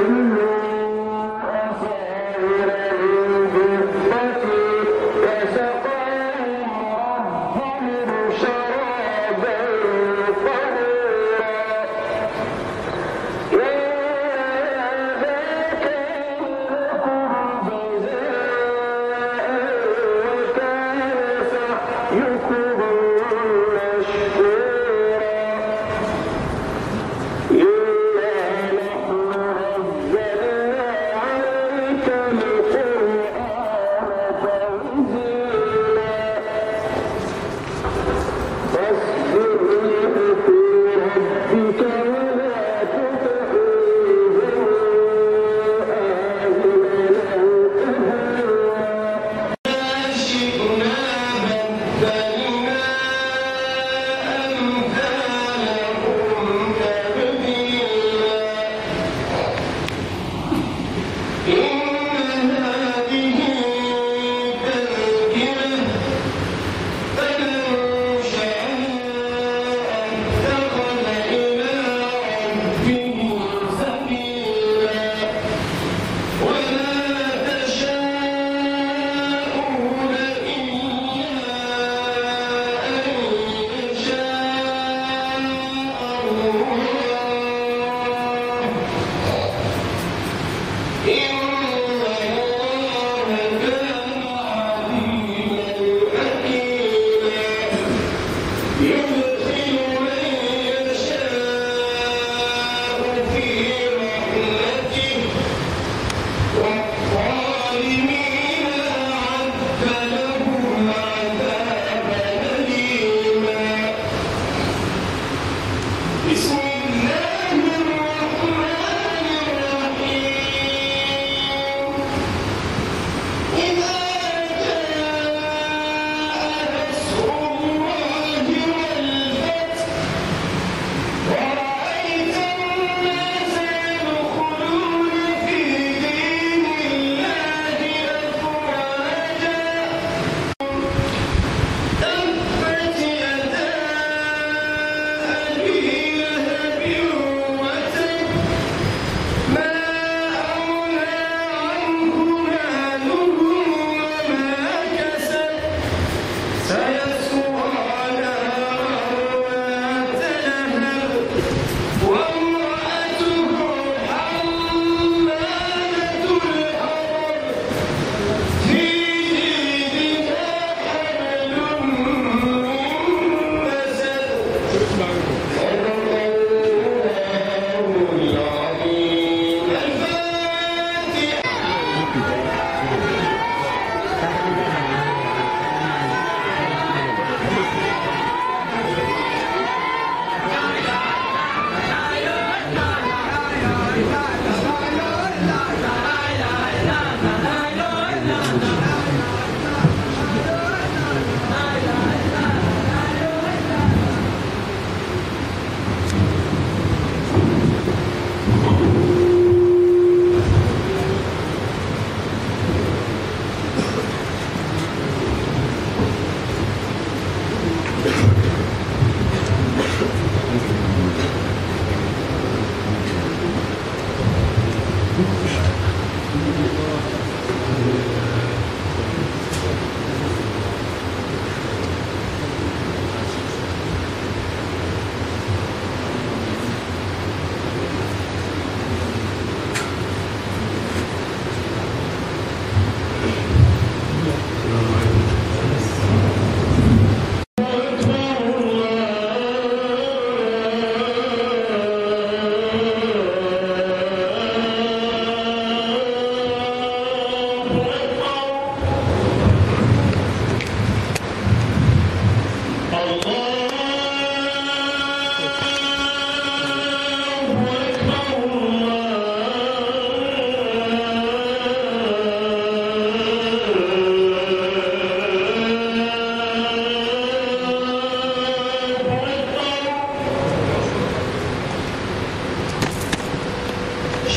Amen.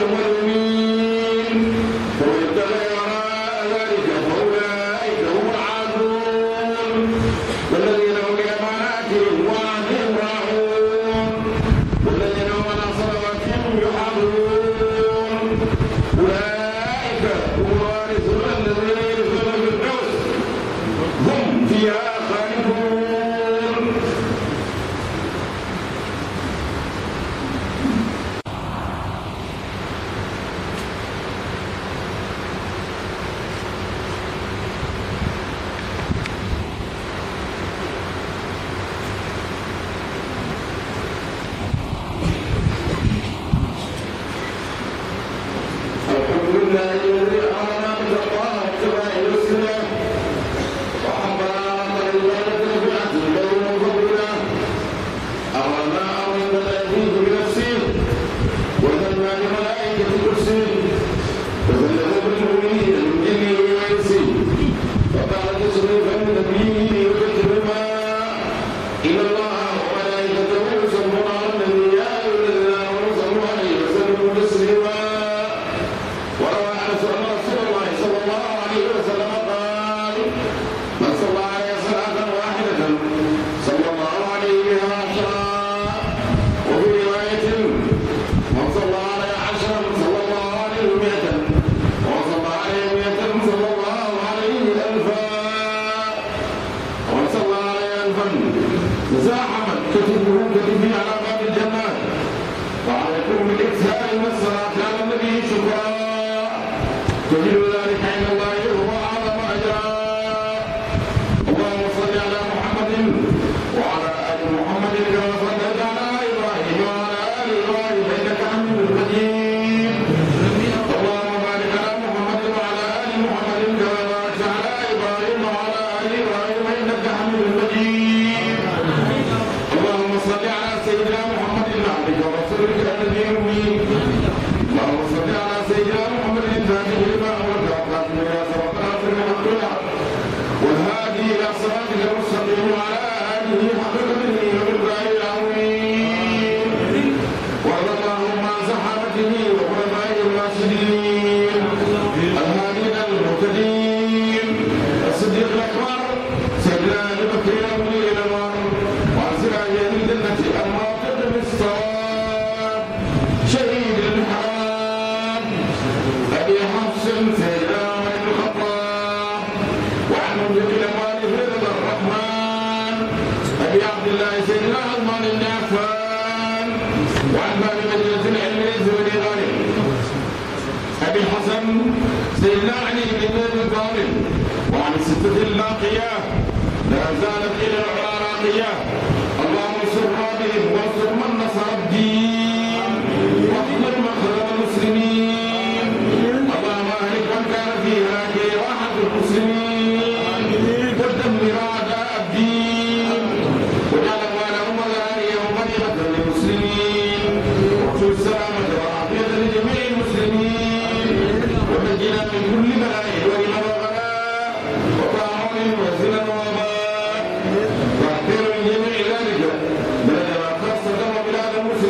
الغير مؤمن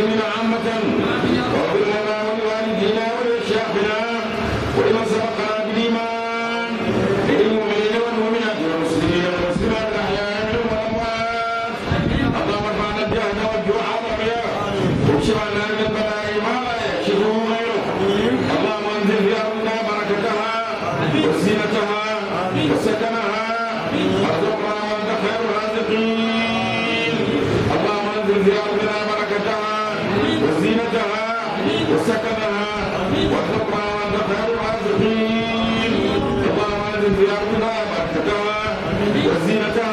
Amen. الزينة